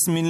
بسم الله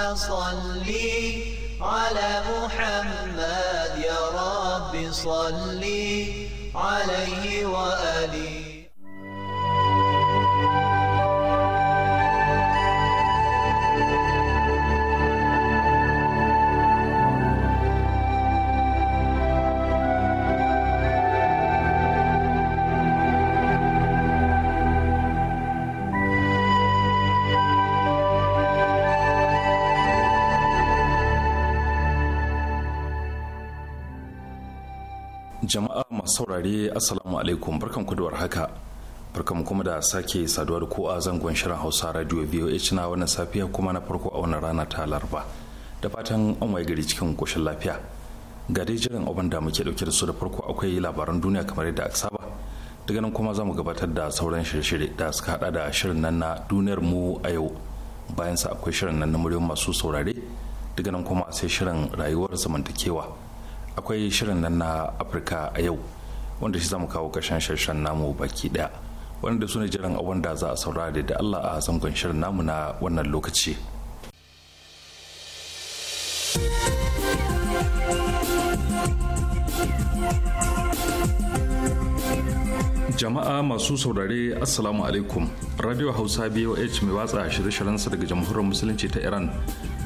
اللهم صل على محمد يا رب صل عليه وآله jama'a masu saurare assalamu alaikum barkan ku da haka barkan kuma da sake saduwa da ko a zangon shirin hausa radio voh na wannan safiya kuma na farko a wannan rana ta laraba da fatan an waye gari cikin koshin lafiya ga dai jiran abin da muke dauke da su da farko akwai labaran duniya kamar yadda aka saba daga nan kuma za mu gabatar da sauran shirye-shirye da suka hada da shirin nan na duniyar mu a yau bayan sa akwai shirin nan na muryoyin masu saurare daga nan kuma sai shirin rayuwar zamantakewa akwai shirin nan na afirka a yau wanda shi zamu kawo kashen shirshen namu baki daya wanda su ne jiran abin da za a saurari da allah a zangon shirin namu na wannan lokaci jama'a masu saurare assalamu alaikum radio hausa boh mai watsa shirye-shiryensa daga jamhuriyar musulunci ta iran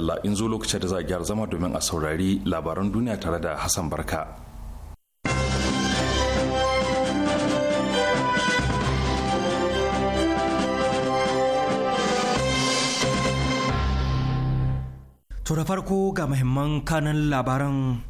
madalla in zo lokacin da za a gyara zama domin a saurari labaran duniya tare da Hassan Barka. To da farko ga muhimman kanan labaran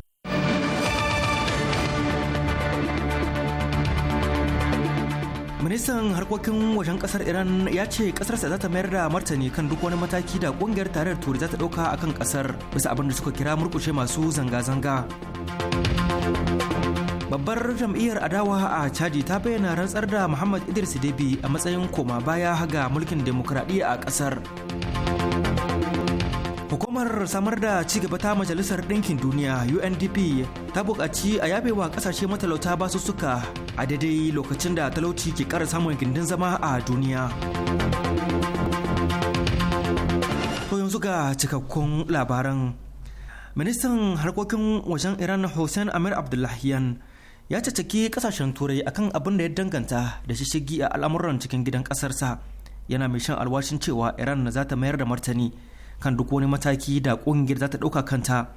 ministan harkokin wajen kasar iran ya ce kasarsa za ta mayar da martani kan duk wani mataki da kungiyar tarayyar turai za ta dauka a kan kasar bisa abin da suka kira murkushe masu zanga-zanga babbar jam'iyyar adawa a chadi ta bayyana rantsar da muhammad idris debi a matsayin koma baya ga mulkin demokradiyya a kasar Hukumar samar da ci cigaba ta Majalisar Ɗinkin Duniya UNDP ta buƙaci a wa ƙasashe matalauta suka a daidai lokacin da talauci ke ƙara samun gindin zama a duniya. To yanzu ga cikakkun labaran. Ministan harkokin wajen Iran Hussein Amir Abdullahiyan ya caceki ƙasashen turai akan abin da ya danganta da shishigi a al'amuran cikin gidan ƙasarsa yana mai shan alwashin cewa Iran za ta mayar da martani. kan duk wani mataki da ƙungiyar za ta ɗauka kanta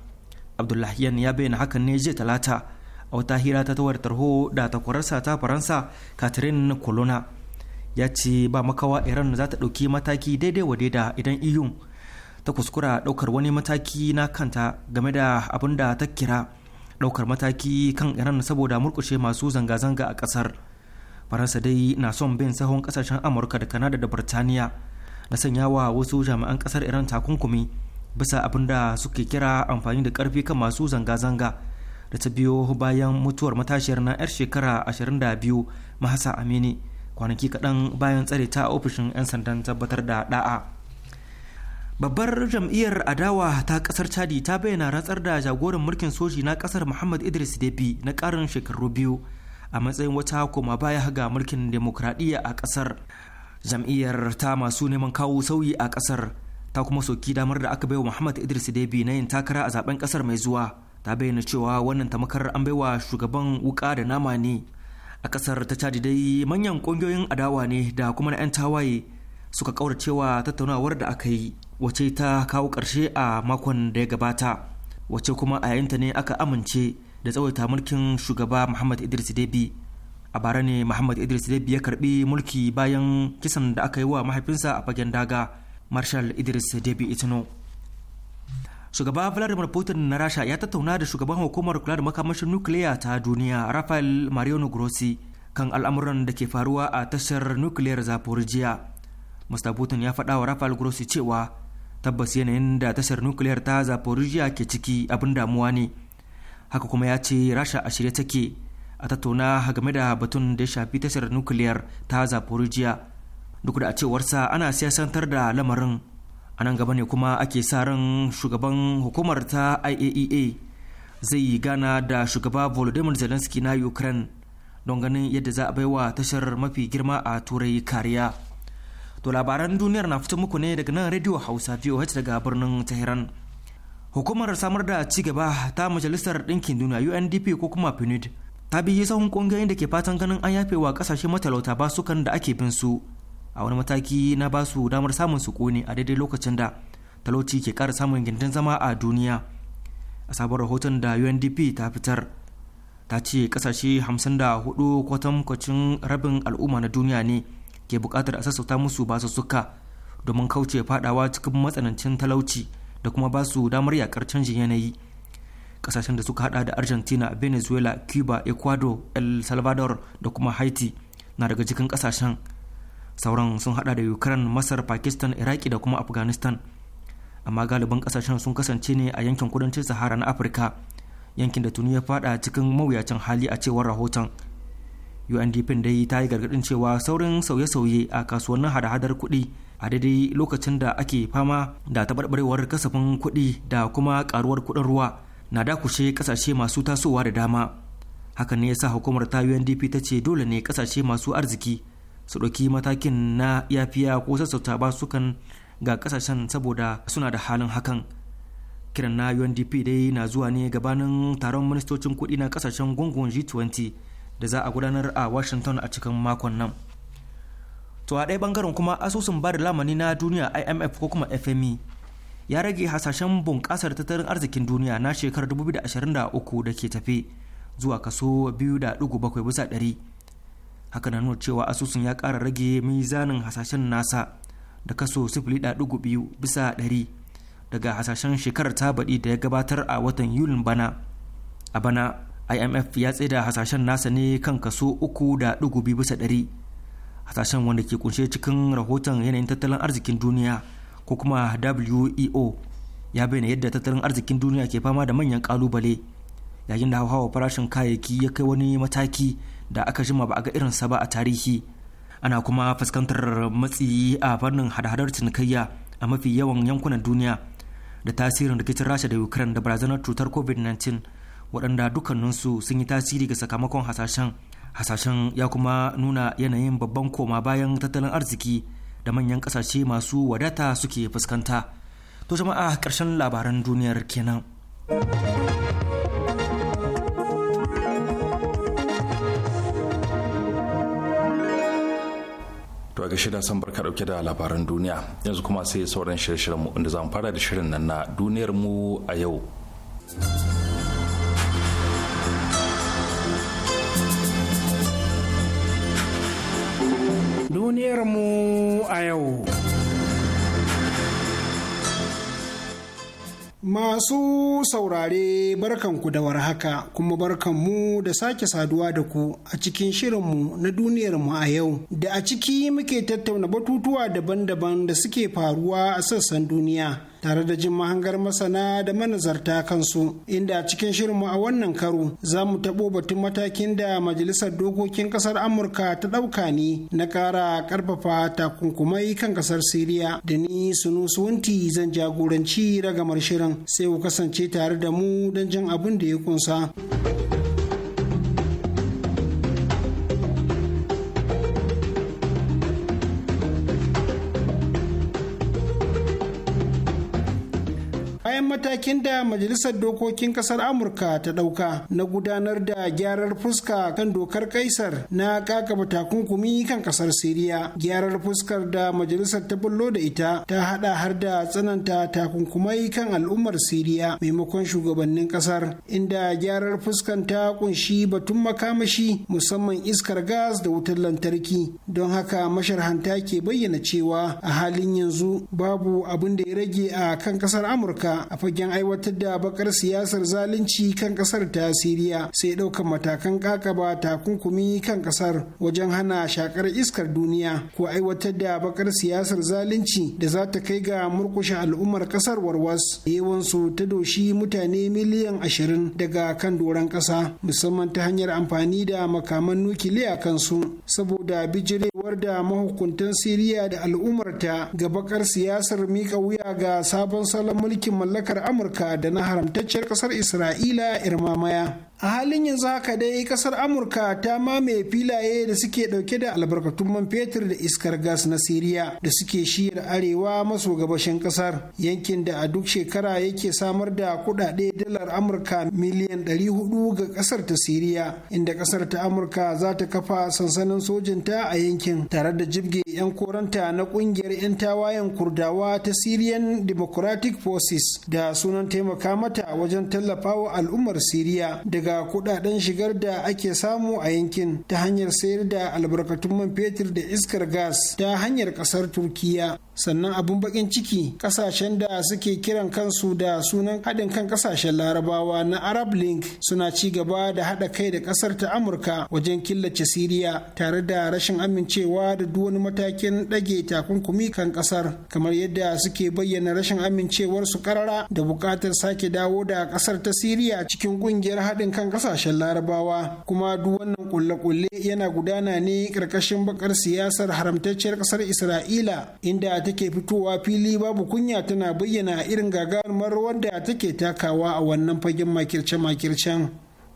yan ya bayyana hakan ne jiya talata a wata hira ta tawar tarho da takwararsa ta faransa catherine colonna ya ce ba makawa iran za ta ɗauki mataki daidai wa daida idan iyun e ta kuskura ɗaukar wani mataki na kanta game da abin da ta kira ɗaukar mataki kan iran saboda murkushe masu zanga-zanga a ƙasar faransa dai na son bin sahun ƙasashen amurka da kanada da birtaniya na sanyawa wasu jami'an kasar iran takunkumi bisa abin da suke kira amfani da karfi kan masu zanga-zanga da ta biyo bayan mutuwar matashiyar na 'yar shekara 22 mahasa amini kwanaki kaɗan bayan tsare ta ofishin 'yan sandan tabbatar da da'a babbar jam'iyyar adawa ta kasar chadi ta bayyana ratsar da jagoran mulkin soji na kasar muhammad idris debi na karin shekaru biyu a matsayin wata koma baya ga mulkin demokradiyya a kasar jam'iyyar ta masu neman kawo sauyi a kasar ta kuma soki damar da aka baiwa muhammad idris debi na yin takara a zaben kasar mai zuwa ta bayyana cewa wannan tamakar an baiwa shugaban wuka da nama ne a kasar ta cadi dai manyan kungiyoyin adawa ne da kuma na 'yan tawaye suka cewa tattaunawar da aka yi wace ta kawo karshe a makon da ya gabata wace kuma a yayinta ne aka amince da tsawaita mulkin shugaba muhammad idris debi a bara ne muhammad idris debi ya karbi mulki bayan kisan da aka yi wa mahaifinsa a fagen daga marshal idris debi itino shugaba vladimir putin na rasha ya tattauna da shugaban hukumar kula da makamashin nukiliya ta duniya rafael mariano grossi kan al'amuran da ke faruwa a tashar nukiliyar zaporijiya mr putin ya faɗa wa rafael grossi cewa tabbas yanayin da tashar nukiliyar ta zaporijiya ke ciki abin damuwa ne haka kuma ya ce rasha a shirye take a tattauna game da batun da ya shafi tashar nukiliyar ta zaporijiya duk da a cewarsa ana siyasantar da lamarin a nan gaba ne kuma ake sa ran shugaban hukumar ta iaea e zai gana da shugaba volodymyr zelensky na ukraine don ganin yadda za a baiwa tashar mafi girma a turai kariya to labaran duniyar na fito muku ne daga nan radio hausa voh daga birnin tehran hukumar samar da cigaba ta majalisar ɗinkin duniya undp ko kuma pnud ta yi sahun kungiyoyin da ke fatan ganin an yafe wa kasashe matalauta basukan da ake bin su a wani mataki na ba su damar samun su kone a daidai lokacin da talauci ke kara samun gindin zama a duniya a sabon rahoton da undp ta fitar ta ce kasashe 54 kwatankwacin rabin al'umma na duniya ne ke buƙatar a sassauta musu suka domin kauce faɗawa cikin matsanancin talauci da kuma ba su damar yakar canjin yanayi kasashen da suka hada da argentina venezuela cuba ecuador el salvador da kuma haiti na daga cikin kasashen sauran sun hada da ukraine masar pakistan iraki da kuma afghanistan amma galibin kasashen sun kasance ne a yankin kudancin sahara na afirka yankin da tuni ya fada cikin mawuyacin hali a cewar rahoton undp dai ta yi gargadin cewa saurin sauye-sauye a kasuwannin hada-hadar kuɗi a daidai lokacin da ake fama da taɓarɓarewar kasafin kuɗi da kuma ƙaruwar kuɗin ruwa na dakushe kasashe masu tasowa da dama hakan ne yasa hukumar ta UNDP ta ce dole ne kasashe masu arziki su ɗauki matakin na yafiya ko sassauta ba sukan ga kasashen saboda suna da halin hakan kiran na UNDP dai na zuwa ne gabanin taron ministocin kuɗi na kasashen gungun G20 da za a gudanar a Washington a cikin makon nan. To a ɗaya bangaren kuma asusun ba da lamani na duniya IMF ko kuma FME ya rage hasashen bunƙasar tattalin arzikin duniya na shekarar 2023 da ke tafe zuwa kaso 2.7 bisa ɗari haka na nuna cewa asusun ya ƙara rage mizanin hasashen nasa da kaso 0.2 bisa ɗari daga hasashen shekarar ta baɗi da ya gabatar a watan yulin bana a bana imf ya tsaida hasashen nasa ne kan kaso 3.2 bisa ɗari hasashen wanda ke kunshe cikin rahoton yanayin tattalin arzikin duniya ko kuma weo ya bayyana yadda tattalin arzikin duniya ke fama da manyan kalubale yayin da hauhawar farashin kayayyaki ya kai wani mataki da aka jima ba a ga irinsa ba a tarihi ana kuma fuskantar matsi a fannin hada-hadar cinikayya a mafi yawan yankunan duniya da tasirin rikicin rasha da ukraine da barazanar cutar covid-19 waɗanda dukkaninsu sun yi tasiri ga sakamakon hasashen hasashen ya kuma nuna yanayin babban koma bayan tattalin arziki da manyan kasashe masu wadata suke fuskanta to jama'a karshen labaran duniyar kenan to ga shida san barka dauke da labaran duniya yanzu kuma sai sauran shirye shiryen mu inda zamu fara da shirin nan na duniyar mu a yau duniyarmu a yau. Masu saurare barkanku da warhaka kuma barkan mu da sake saduwa da ku a cikin shirinmu na duniyarmu a yau da a ciki muke tattauna batutuwa daban-daban da suke faruwa a sassan duniya tare da jin mahangar masana da manazarta kansu inda a cikin shirinmu a wannan karo za mu taɓo batun matakin da majalisar dokokin ƙasar amurka ta ɗauka ne na ƙara ƙarfafa takunkumai kan ƙasar siriya da ni sunusu wunti zan jagoranci ragamar shirin sai ku kasance tare da mu don jin abin da ya kunsa. matakin da majalisar dokokin kasar amurka ta ɗauka na gudanar da gyarar fuska kan dokar kaisar na kakaba takunkumi kan kasar siriya gyarar fuskar da majalisar ta bullo da ita ta hada har da tsananta takunkumai kan al'ummar siriya maimakon shugabannin kasar inda gyarar fuskan ta kunshi batun makamashi musamman iskar gas da wutar lantarki don haka masharhanta ke bayyana cewa a halin yanzu babu abin da ya rage a kan kasar amurka a fagen aiwatar da bakar siyasar zalunci kan kasar ta siriya sai ɗaukar matakan kakaba takunkumi kan kasar wajen hana shakar iskar duniya ko aiwatar da bakar siyasar zalunci da za ta kai ga murkushe al'ummar kasar warwas yawansu ta doshi mutane miliyan ashirin daga kan doron kasa musamman ta hanyar amfani da makaman nukiliya kansu saboda bijirewar da mahukuntan siriya da al'ummar ta ga bakar siyasar mika wuya ga sabon salon mulkin mallaka amurka da na haramtacciyar kasar isra'ila irmamaya a halin yanzu haka dai kasar amurka ta mamaye filaye da suke dauke da albarkatun man fetur da iskar gas na siriya da suke shiyar arewa maso gabashin kasar yankin da a duk shekara yake samar da kudade dalar amurka miliyan 400 ga kasar ta siriya inda kasar ta amurka za ta kafa sansanin sojinta a yankin tare da jibge 'yan koranta na kungiyar 'yan tawayen kurdawa ta syrian democratic forces da sunan taimaka mata wajen tallafawa al'ummar siriya daga ga kudaden shigar da ake samu a yankin ta hanyar sayar da albarkatun man fetur da iskar gas ta hanyar kasar turkiya sannan abun bakin ciki kasashen da suke kiran kansu da sunan haɗin kan kasashen larabawa na arab link suna ci gaba da haɗa kai da ƙasar ta amurka wajen killace siriya tare da rashin amincewa da duk wani matakin ɗage takunkumi kan ƙasar kamar yadda suke bayyana rashin amincewar su ƙarara da buƙatar sake dawo da ƙasar ta siriya cikin ƙungiyar haɗin kan kasashen larabawa kuma duk wannan kulle-kulle yana gudana ne ƙarƙashin bakar siyasar haramtacciyar ƙasar isra'ila inda take fitowa fili babu kunya tana bayyana irin gagarumar rawar da take takawa a wannan fagen makirce-makircen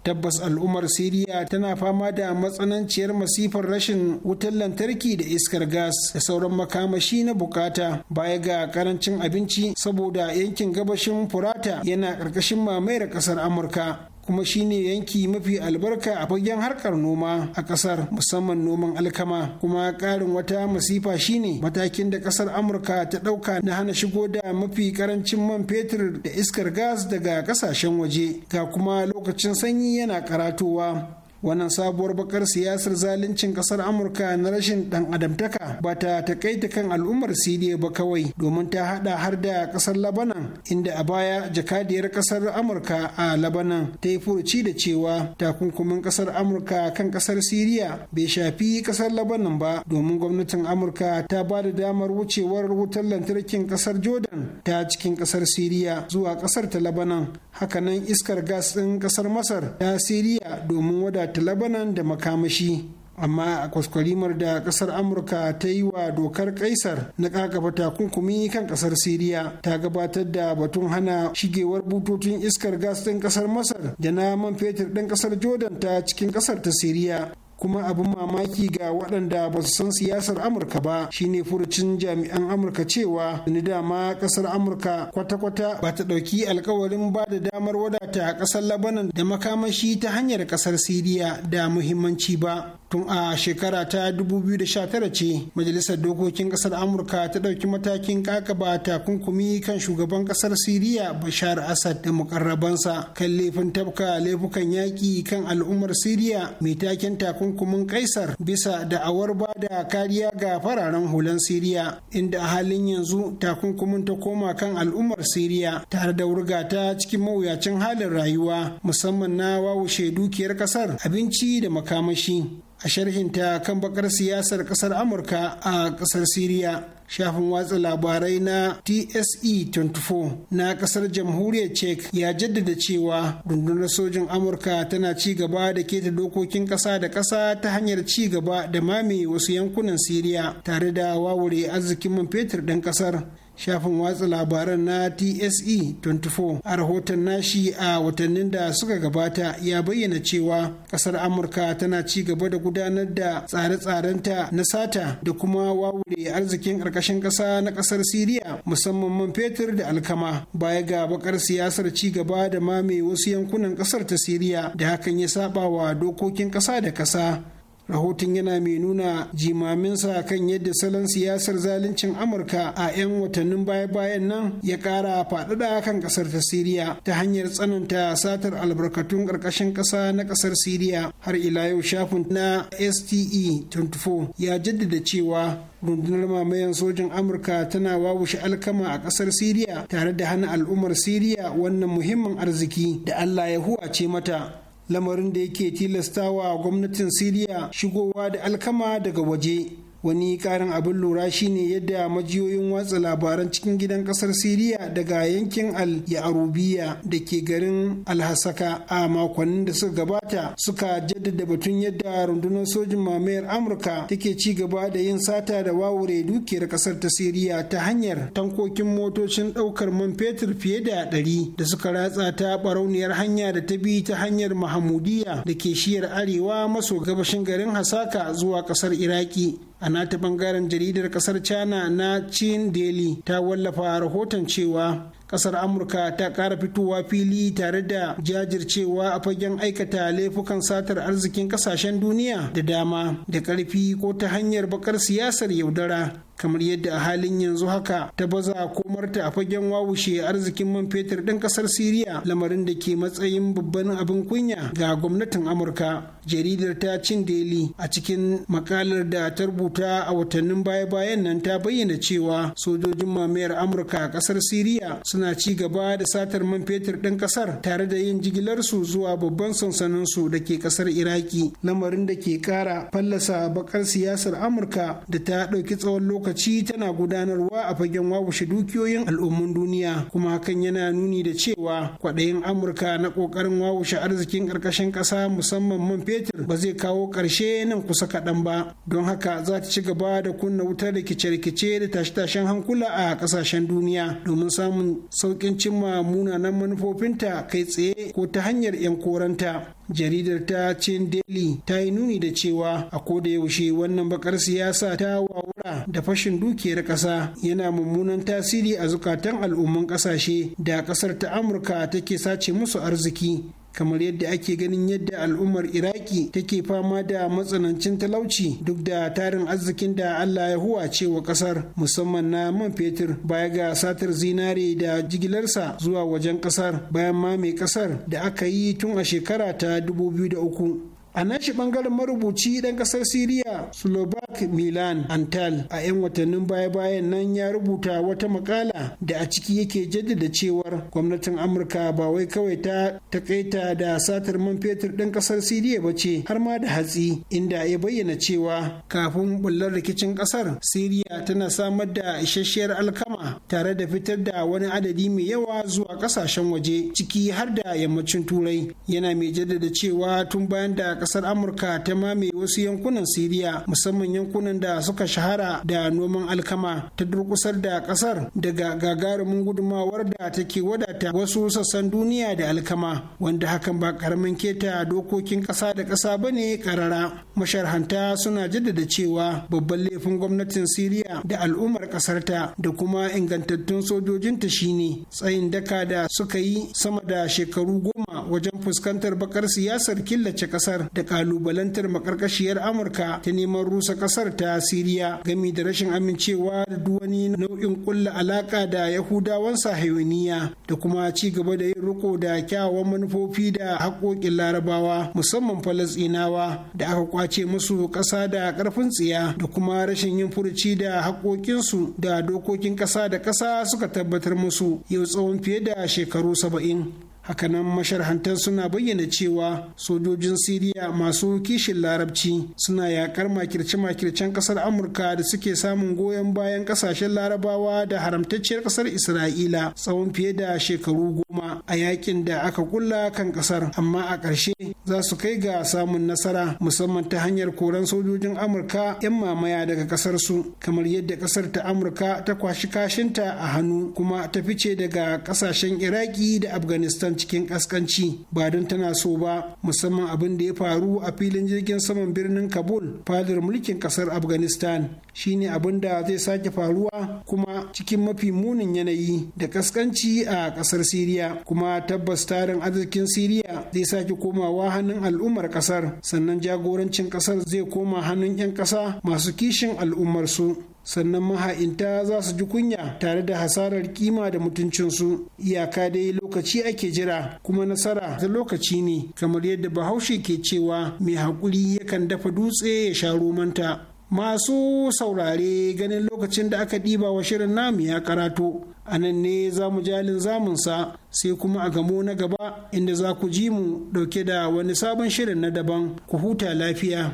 tabbas al'ummar siriya tana fama da matsananciyar masifar rashin wutar lantarki da iskar gas da sauran makamashi na bukata baya ga karancin abinci saboda yankin gabashin furata yana ƙarƙashin mamayar ƙasar amurka kuma shine yanki mafi albarka a fagen harkar noma a kasar musamman noman alkama kuma karin wata masifa shine matakin da kasar amurka ta dauka na hana shigo da mafi karancin man fetur da iskar gas daga kasashen waje ga kuma lokacin sanyi yana karatowa wannan sabuwar bakar siyasar zaluncin kasar amurka na rashin dan adamtaka ba ta takaita kan al'ummar siriya ba kawai domin ta hada har da kasar labanan inda a baya jakadiyar kasar amurka a labanan ta yi furuci da cewa takunkumin kasar amurka kan kasar siriya bai shafi kasar labanan ba domin gwamnatin amurka ta ba da damar wucewar wutar lantarkin kasar jordan ta cikin kasar siriya zuwa kasar ta labanan hakanan iskar gas ɗin kasar masar ta siriya domin wada soja ta labanan da makamashi amma a kwaskwarimar da kasar amurka ta yi wa dokar kaisar na kakaba takunkumi kan kasar siriya ta gabatar da batun hana shigewar bututun iskar gas ɗin kasar masar da na man fetur ɗin kasar jordan ta cikin kasar ta siriya kuma abin mamaki ga waɗanda ba su san siyasar amurka ba shine furucin jami'an amurka cewa ni dama ƙasar amurka kwata-kwata ba ta ɗauki alkawarin ba da damar wadata a ƙasar labanan da makamashi ta hanyar ƙasar siriya da muhimmanci ba tun a shekara ta 2019 ce majalisar dokokin kasar amurka ta ɗauki matakin kakaba takunkumi kan shugaban kasar siriya bashar asad da mukarrabansa kan laifin tabka laifukan yaƙi kan al'ummar siriya mai taken takunkumin kaisar bisa da'awar ba da kariya ga fararen hulan siriya inda a halin yanzu takunkumin ta koma kan al'ummar siriya tare da wurgata cikin mawuyacin halin rayuwa musamman na wawushe dukiyar kasar abinci da makamashi a sharhinta kan bakar siyasar kasar amurka a kasar siriya shafin watsa labarai na TSE 24 na kasar jamhuriyar cek ya jaddada cewa rundunar sojin Amurka tana ci gaba da keta dokokin ƙasa da ƙasa ta hanyar ci gaba da mame wasu yankunan Siriya tare da wawure arzikin man fetur ɗin ƙasar. shafin watsa labaran na tse 24 a rahoton nashi a watannin da suka gabata ya bayyana cewa kasar amurka tana ci gaba da gudanar da tsare-tsarenta na sata da kuma wawure arzikin ƙarƙashin ƙasa na ƙasar siriya musamman man fetur da alkama baya ga bakar siyasar ci gaba da mame wasu yankunan ƙasar ta siriya da hakan ya saba wa dokokin ƙasa da ƙasa rahoton yana mai nuna jimaminsa kan yadda salon siyasar zaluncin amurka a 'yan watannin baya-bayan nan ya kara faɗaɗa kan ƙasar ta siriya ta hanyar tsananta satar albarkatun ƙarƙashin ƙasa na ƙasar siriya har ila yau shafin na ste 24 ya jaddada cewa rundunar mamayan sojin amurka tana wawushe alkama a kasar siriya tare da hana al'ummar siriya wannan muhimmin arziki da allah ya huwace mata lamarin da yake tilastawa gwamnatin siriya shigowa da alkama daga waje wani karin abin lura shine yadda majiyoyin watsa labaran cikin gidan kasar siriya daga yankin al yarubiya da ke garin alhasaka a makonnin da suka gabata suka jaddada batun yadda rundunar sojin mamayar amurka take ci gaba da yin sata da wawure dukiyar kasar ta siriya ta hanyar tankokin motocin daukar man fetur fiye da ɗari da suka ratsa ta barauniyar hanya da ta bi ta hanyar mahamudiya da ke shiyar arewa maso gabashin garin hasaka zuwa kasar iraki a nata bangaren jaridar kasar china na chin daily ta wallafa rahoton cewa kasar amurka ta kara fitowa fili tare da jajircewa a fagen aikata laifukan satar arzikin kasashen duniya da dama da karfi ko ta hanyar bakar siyasar yaudara kamar yadda a halin yanzu haka ta baza komar ta a fagen wawushe arzikin man fetur ɗin ƙasar siriya lamarin da ke matsayin babban abin kunya ga gwamnatin amurka jaridar ta cin daily a cikin makalar da ta rubuta a watannin baya-bayan nan ta bayyana cewa sojojin mamayar amurka a ƙasar siriya suna ci gaba da satar man fetur ɗin ƙasar tare da yin jigilarsu zuwa babban sansaninsu da ke ƙasar iraki lamarin da ke ƙara fallasa bakar siyasar amurka da ta ɗauki tsawon lokaci lokaci tana gudanarwa a fagen wawushe dukiyoyin al'ummun duniya kuma hakan yana nuni da cewa kwaɗayin amurka na ƙoƙarin wawashe arzikin ƙarƙashin ƙasa musamman man fetur ba zai kawo ƙarshe nan kusa kaɗan ba don haka za ta ci gaba da kunna wutar rikice-rikice da tashe-tashen hankula a ƙasashen duniya domin samun sauƙin cimma munanan manufofinta kai tsaye ko ta hanyar 'yan koranta jaridar ta cin Daily ta yi nuni da cewa a koda yaushe wannan bakar siyasa ta wawura da fashin dukiyar kasa yana mummunan tasiri a zukatan al'umman kasashe da kasar ta Amurka take sace musu arziki kamar yadda ake ganin yadda al'ummar iraki take fama da matsanancin talauci duk da tarin arzikin da allah ya huwace wa kasar musamman na man fetur baya ga satar zinare da jigilarsa zuwa wajen kasar bayan ma mai kasar da aka yi tun a shekara ta 2003 a nan shi bangaren marubuci dan kasar siriya slovak milan antal a 'yan watannin baya-bayan nan ya rubuta wata makala da a ciki yake jaddada cewar gwamnatin amurka ba wai kawai ta takaita da satar man fetur ɗin kasar siriya ba ce har ma da hatsi inda ya bayyana cewa kafin bullar rikicin kasar siriya tana samar da isasshiyar alkama tare da fitar da wani adadi mai yawa zuwa kasashen waje ciki har da yammacin turai yana mai jaddada cewa tun bayan da ƙasar amurka ta mame wasu yankunan siriya musamman yankunan da suka shahara da noman alkama ta durkusar da ƙasar daga gagarumin gudumawar da take wadata wasu sassan duniya da alkama wanda hakan ba karamin keta dokokin ƙasa da ƙasa ba ne ƙarara masharhanta suna jaddada cewa babban laifin gwamnatin siriya da al'ummar ƙasarta da kuma ingantattun sojojinta shine tsayin daka da suka yi sama da shekaru goma wajen fuskantar bakar siyasar killace kasar da kalubalantar makarkashiyar amurka ta neman rusa kasar ta siriya gami da rashin amincewa da duk wani nau'in kulla alaka da yahudawan sahayoniya da kuma ci gaba da yin riko da kyawawan manufofi da haƙoƙin larabawa musamman falasinawa da aka kwace musu ƙasa da ƙarfin tsiya da kuma rashin yin furuci da haƙoƙinsu da dokokin ƙasa da ƙasa suka tabbatar musu yau tsawon fiye da shekaru saba'in hakanan masharhantar suna bayyana cewa sojojin siriya masu kishin larabci suna yakar makirce-makircen kasar amurka da suke samun goyon bayan kasashen larabawa da haramtacciyar kasar isra'ila tsawon fiye da shekaru goma a yakin da aka kulla kan kasar amma a ƙarshe za su kai ga samun nasara musamman ta hanyar koran sojojin amurka 'yan mamaya daga kasar su kamar yadda kasar ta amurka ta kwashi kashinta a hannu kuma ta fice daga kasashen iraki da afghanistan cikin kaskanci ba don tana so ba musamman abin da ya faru a filin jirgin saman birnin kabul fadar mulkin kasar afghanistan shine abin da zai sake faruwa kuma cikin mafi munin yanayi da kaskanci a kasar siriya kuma tabbas tarin arzikin siriya zai sake komawa hannun al'ummar kasar sannan jagorancin kasar zai koma hannun 'yan kasa masu kishin al'ummarsu sannan maha'inta za su ji kunya tare da hasarar kima da mutuncinsu iyaka dai lokaci ake jira kuma nasara ta lokaci ne kamar yadda bahaushe ke cewa mai haƙuri yakan dafa dutse ya sha romanta masu saurare ganin lokacin da aka ɗiba wa shirin namu ya karato a nan ne za mu jalin zamunsa sai kuma a gamo na gaba inda za ku ji mu ɗauke da wani sabon shirin na daban ku huta lafiya.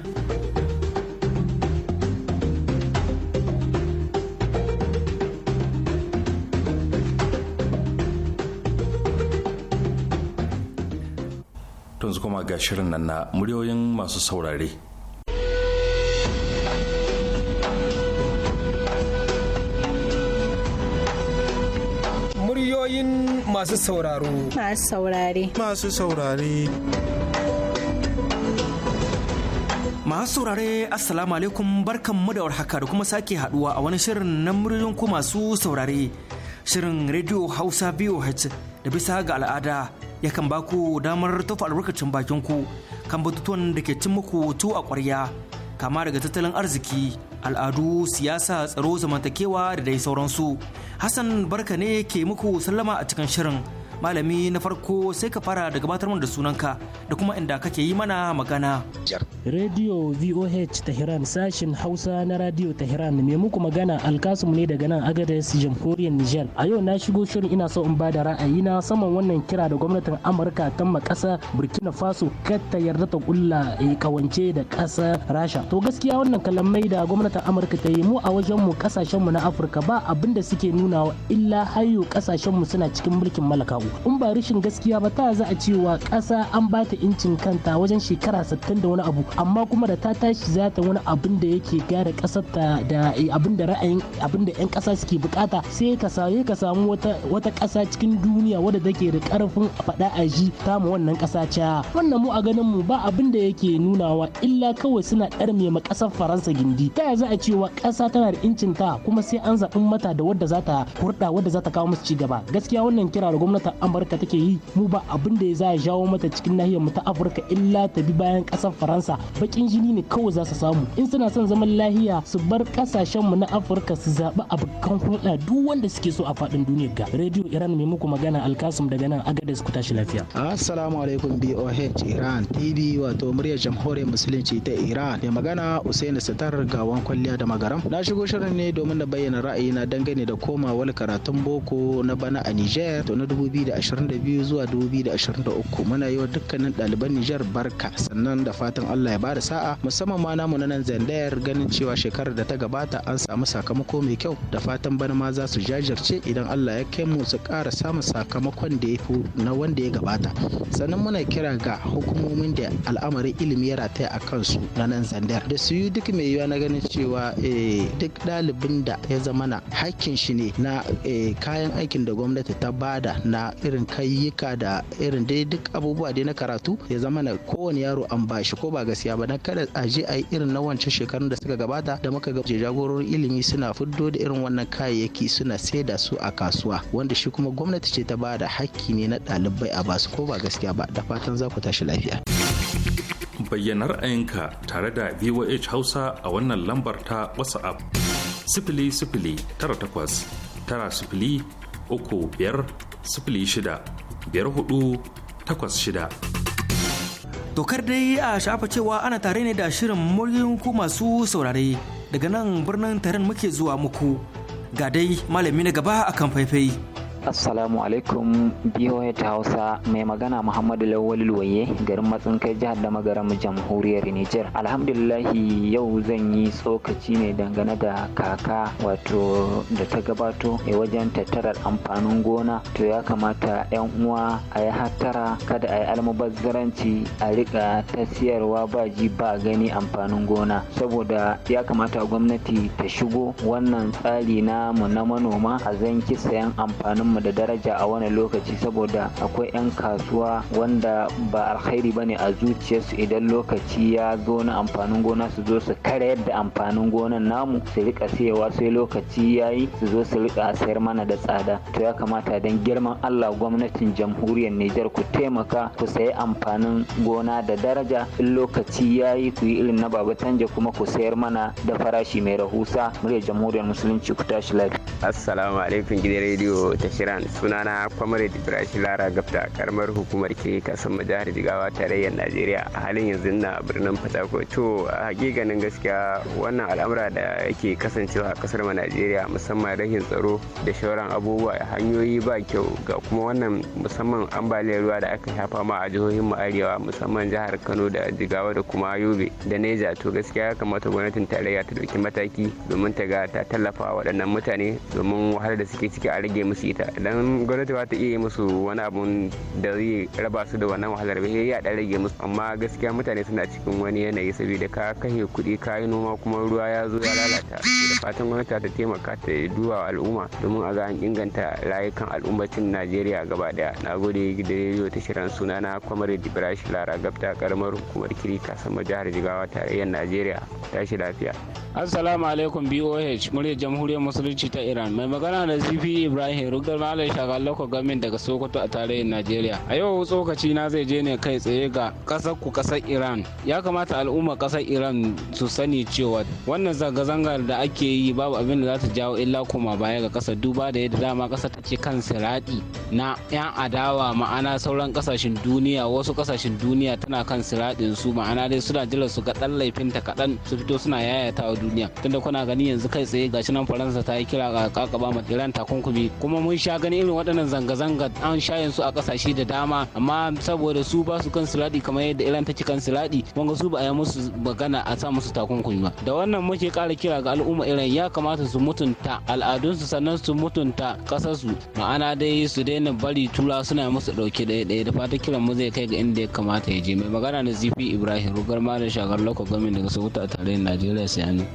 koma ga shirin nan na muryoyin masu saurare. Muryoyin masu sauraro. Masu saurare. Masu saurare. Masu saurare Assalamu alaikum barkanmu da warhaka da kuma sake haduwa a wani shirin na muryoyin ku masu saurare. Shirin Radio Hausa VOH da bisa ga al'ada yakan ba ku damar tofa albarkacin bakin ku kan batutuwan da ke cin muku tu a ƙwarya kama daga tattalin arziki al'adu siyasa tsaro zamantakewa da dai sauransu hassan barka ne ke muku sallama a cikin shirin malami na farko sai ka fara da gabatar mana da sunanka da kuma inda kake yi mana magana radio voh tehran sashin hausa na radio tehran mai muku magana alkasum ne daga nan agadez jamhuriyar niger a yau na shigo shirin ina so in ba da ra'ayi na saman wannan kira da gwamnatin amurka ta makasa burkina faso katta yarda ta kulla kawance eh, da kasa rasha to gaskiya wannan kalamai da gwamnatin amurka ta yi mu a wajen mu kasashen mu na afirka ba abin da suke nunawa illa hayo kasashen mu suna cikin mulkin malakawu in ba rashin gaskiya ba ta za a cewa ƙasa an ba ta incin kanta wajen shekara sattin da wani abu amma kuma da ta tashi za ta wani abin da yake gyara ƙasar ta da eh, abin da ra'ayin abin da 'yan ƙasa suke bukata sai ka sai ka samu wata wata ƙasa cikin duniya wadda take da ƙarfin faɗa a ji ta mu wannan ƙasa ca wannan mu a ganin mu ba abin da yake nunawa illa kawai suna ɗarme ma ƙasar Faransa gindi ta za a cewa ƙasa tana da incin ta kuma sai an zaɓin mata da wadda za ta hurɗa wadda za ta kawo musu ci gaba gaskiya wannan kira da gwamnatin amurka take yi mu ba abin da za ya jawo mata cikin nahiyar mu ta afirka illa ta bi bayan kasar faransa bakin jini ne kawai za su samu in suna son zaman lahiya su bar kasashen mu na afirka su zaɓi abokan hulɗa duk wanda suke so a faɗin duniya ga rediyo iran mai muku magana alkasum daga nan agadez ku tashi lafiya assalamu alaikum boh iran tv wato muryar jamhuriyar musulunci ta iran mai magana usaini sitar gawan kwalliya da magaram na shigo shirin ne domin na bayyana ra'ayina dangane da komawar karatun boko na bana a niger to na dubu 2022 zuwa 2023 muna yi wa dukkanin ɗaliban Nijar barka sannan da fatan Allah ya bada sa'a musamman ma namu na nan zandayar ganin cewa shekarar da ta gabata an samu sakamako mai kyau da fatan bana ma za su jajirce idan Allah ya kai mu su ƙara samun sakamakon da ya fi na wanda ya gabata sannan muna kira ga hukumomin da al'amarin ilimi ya rataya a kansu na nan zandar da su yi duk mai yiwa na ganin cewa eh, duk ɗalibin da ya zama na hakkin shi ne na eh, kayan aikin da gwamnati ta bada na irin kayyuka da irin dai duk abubuwa dai na karatu ya zama na kowane yaro an bashi ko ba gaskiya ba dan kada a je a yi irin na wancan shekarun da suka gabata da muka ga jagororin ilimi suna fiddo da irin wannan kayayyaki suna saida su a kasuwa wanda shi kuma gwamnati ce ta ba da hakki ne na ɗalibai a basu ko ba gaskiya ba da fatan za ku tashi lafiya. bayyana ra'ayinka tare da voh hausa a wannan lambar ta whatsapp sifili sifili tara takwas tara sifili uku biyar shida. Dokar dai a shafa cewa ana tare ne da shirin muryin masu saurare daga nan birnin taron muke zuwa muku ga dai malami na gaba akan faifai. Assalamu alaikum BOA ta Hausa mai magana Muhammadu Lawal Waye garin matsin kai jihar da magaram jamhuriyar Nijar. Alhamdulillahi yau zan yi tsokaci ne dangane da kaka wato da ta gabato a wajen tattarar amfanin gona to ya kamata 'yan uwa a yi hattara kada a yi almubazzaranci a riƙa ta siyarwa ba ji ba gani amfanin gona saboda ya kamata gwamnati ta shigo wannan tsari na mu na manoma a zanki sayan amfanin mu da daraja a wani lokaci saboda akwai 'yan kasuwa wanda ba alkhairi ba ne a zuciyarsu idan lokaci ya zo na amfanin gona su zo su kare yadda amfanin gonan namu su rika siyewa sai lokaci ya yi su zo su rika sayar mana da tsada to ya kamata don girman allah gwamnatin jamhuriyar nijar ku taimaka ku sayi amfanin gona da daraja in lokaci ya yi ku yi irin na baba tanja kuma ku sayar mana da farashi mai rahusa muryar jamhuriyar musulunci ku tashi lafiya assalamu alaikum gidan rediyo ta Iran sunana Comrade Ibrahim Lara Gafta karamar hukumar ke kasan jihar Jigawa tarayyar Najeriya a halin yanzu na birnin Fatako to a hakikanin gaskiya wannan al'amura da yake kasancewa a kasar Najeriya musamman rashin tsaro da shauran abubuwa hanyoyi ba kyau ga kuma wannan musamman ambaliyar ruwa da aka shafa ma a jihohin mu arewa musamman jihar Kano da Jigawa da kuma Yobe da Neja to gaskiya ya kamata gwamnatin tarayya ta dauki mataki domin ta ga ta tallafa waɗannan mutane domin wahalar da suke ciki a rage musu ita dan gwamnati ba ta iya musu wani abun da zai raba su da wannan wahalar ba ya dan rage musu amma gaskiya mutane suna cikin wani yanayi saboda ka kashe kuɗi ka yi noma kuma ruwa ya zo ya lalata da fatan gwamnati ta taimaka ta duba al'umma domin a ga an inganta rayukan al'ummacin najeriya gaba daya nagode da rediyo ta shirin suna na kwamare Ibrahim lara gabta karamar hukumar kiri sama jihar jigawa tarayyar najeriya tashi lafiya assalamu alaikum boh muryar jamhuriyar musulunci ta iran mai magana da zifi ibrahim rugar Sunana Alai Shagal Local gamin daga Sokoto a tarayyar Najeriya. A yau tsokaci na zai je ne kai tsaye ga kasar ku kasar Iran. Ya kamata al'ummar kasar Iran su sani cewa wannan zanga-zangar da ake yi babu abin da za ta jawo illa kuma baya ga kasar duba da yadda dama kasar ta ce kan siradi na 'yan adawa ma'ana sauran kasashen duniya wasu kasashen duniya tana kan siradin su ma'ana dai suna jira su ga laifin ta kaɗan su fito suna yayata wa duniya tunda kuna gani yanzu kai tsaye gashi nan faransa ta yi kira ga kakaba ma iran takunkumi kuma mun sha sha gani irin waɗannan zanga-zanga an shayin su a ƙasashe da dama amma saboda su ba su kan siladi kamar yadda iran take kan siladi wanga su ba a yi musu magana a sa musu takunkumi ba da wannan muke ƙara kira ga al'umma iran ya kamata su mutunta al'adunsu sannan su mutunta ƙasarsu ma'ana dai su daina bari tura suna musu ɗauke ɗaya ɗaya da fata kiran mu zai kai ga inda ya kamata ya je mai magana na zifi ibrahim rugar ma da shagar lokacin gwamnati daga sokoto a tarayyar najeriya sai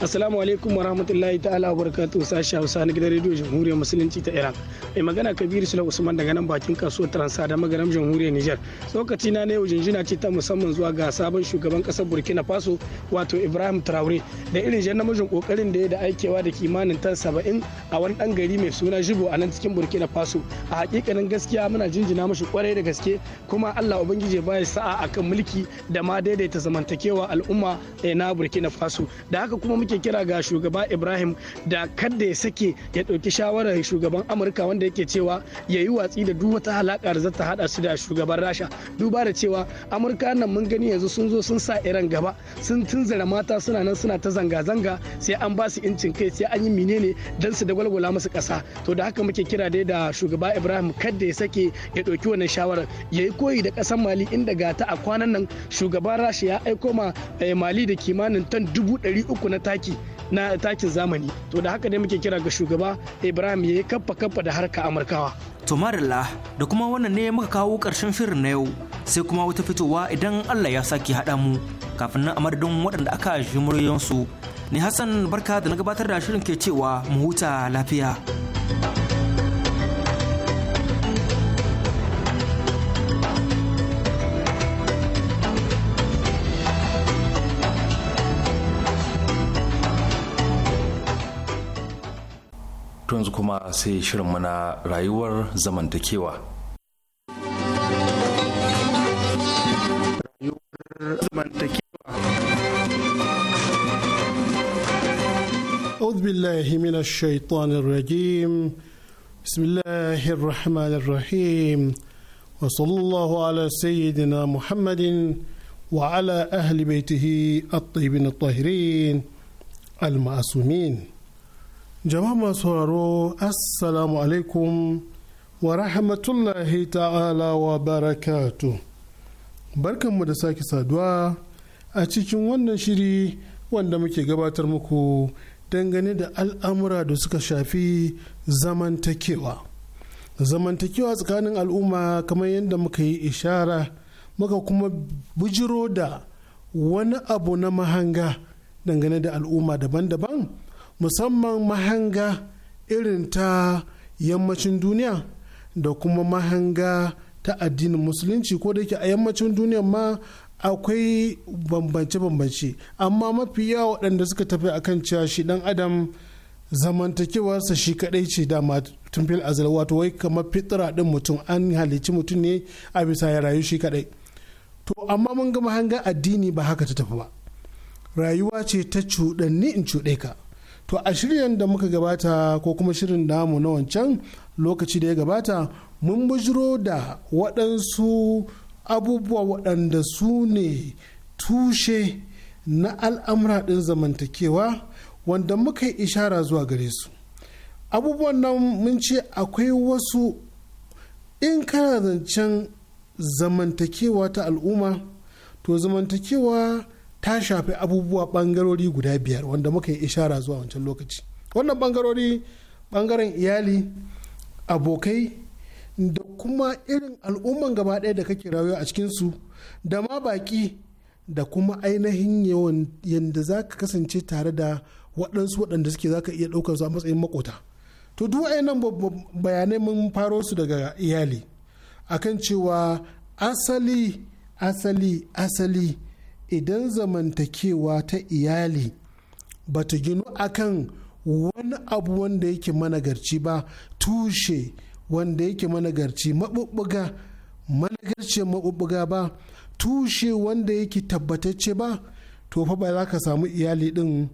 Assalamu alaikum wa rahmatullahi ta'ala wa barakatuhu sashi Hausa na gidan rediyo Jamhuriyar Musulunci ta Iran. Mai magana Kabiru Sula Usman daga nan bakin kasuwar Transa da magaram Jamhuriyar niger Lokaci na yau jinjina ce ta musamman zuwa ga sabon shugaban kasar Burkina Faso wato Ibrahim Traore da irin jan namijin kokarin da ya da aikewa da kimanin tan saba'in a wani dan gari mai suna Jibo a nan cikin Burkina Faso. A hakikanin gaskiya muna jinjina mashi kwarai da gaske kuma Allah ubangiji ba sa'a akan mulki da ma daidaita zamantakewa al'umma eh, na Burkina Faso. Da haka kuma muke kira ga shugaba ibrahim da kadda ya sake ya ɗauki shawarar shugaban amurka wanda yake cewa ya yi watsi da duk wata halaƙa da zata haɗa su da shugaban rasha duba da cewa amurka nan mun gani yanzu sun zo sun sa iran gaba sun tunzura mata suna nan suna ta zanga-zanga sai an ba su incin kai sai an yi menene dan su da gwalgwala musu ƙasa to da haka muke kira dai da shugaba ibrahim kadda ya sake ya ɗauki wannan shawarar ya yi koyi da ƙasar mali inda ga ta a kwanan nan shugaban rasha ya aiko ma eh, mali da kimanin ton dubu ɗari uku na taki taki na takin zamani to da haka ne muke kira ga shugaba ibrahim ya yi kaffa kaffa da harka amurkawa to marilla da kuma wannan ne muka kawo karshen shirin na yau sai kuma wata fitowa idan allah ya sake haɗa mu kafin nan a madadin waɗanda aka ji muryoyinsu ne hassan barka da na gabatar da shirin ke cewa mu huta lafiya yanzu kuma sai shirin mana rayuwar zamantakewa. أعوذ بالله من الشيطان الرجيم بسم الله الرحمن الرحيم وصلى الله على سيدنا محمد وعلى أهل بيته الطيبين الطاهرين المعصومين jama'a masu sauraro assalamu alaikum wa rahmatullahi ta'ala wa barakatu barkanmu da sake saduwa a cikin wannan shiri wanda muke gabatar muku dangane da al'amura da suka shafi zamantakewa zamantakewa tsakanin al'umma kamar yadda muka yi ishara muka kuma bujiro da wani abu na mahanga dangane da al'umma daban-daban musamman mahanga irin ta yammacin duniya da kuma mahanga ta addinin musulunci ko da yake a yammacin duniya ma akwai bambance-bambance amma mafi yawa waɗanda suka tafi akan cewa shi ɗan adam zamantakewarsa shi kaɗai ce dama tun fil azal wato wai kamar fitira ɗin mutum an halicci mutum ne a bisa ya rayu shi kaɗai to amma mun ga mahanga addini ba haka ta tafi ba rayuwa ce ta cuɗanni in cuɗe ka to a shirin da muka gabata ko kuma shirin namu na wancan lokaci da ya gabata mun bujiro da waɗansu abubuwa waɗanda su ne tushe na al'amura ɗin zamantakewa wanda muka yi ishara zuwa gare su abubuwan nan mun ce akwai wasu in kana zancen zamantakewa ta al'umma to zamantakewa ta shafi abubuwa bangarori guda biyar wanda muka yi ishara zuwa wancan lokaci wannan bangarori bangaren iyali abokai da kuma irin al'umman gaba ɗaya da kake rayuwa a cikinsu da ma baƙi da kuma ainihin yawan yadda za ka kasance tare da waɗansu waɗanda suke za ka iya ɗaukar su a matsayin makota to duk nan bayanai mun faro su daga iyali akan cewa asali asali asali idan zamantakewa ta iyali ba ta ginu akan wani abu wanda yake managarci ba tushe wanda yake managarci maɓuɓɓuga maɓuɓɓuga ba tushe wanda yake tabbatacce ba to fa ba za ka samu iyali ɗin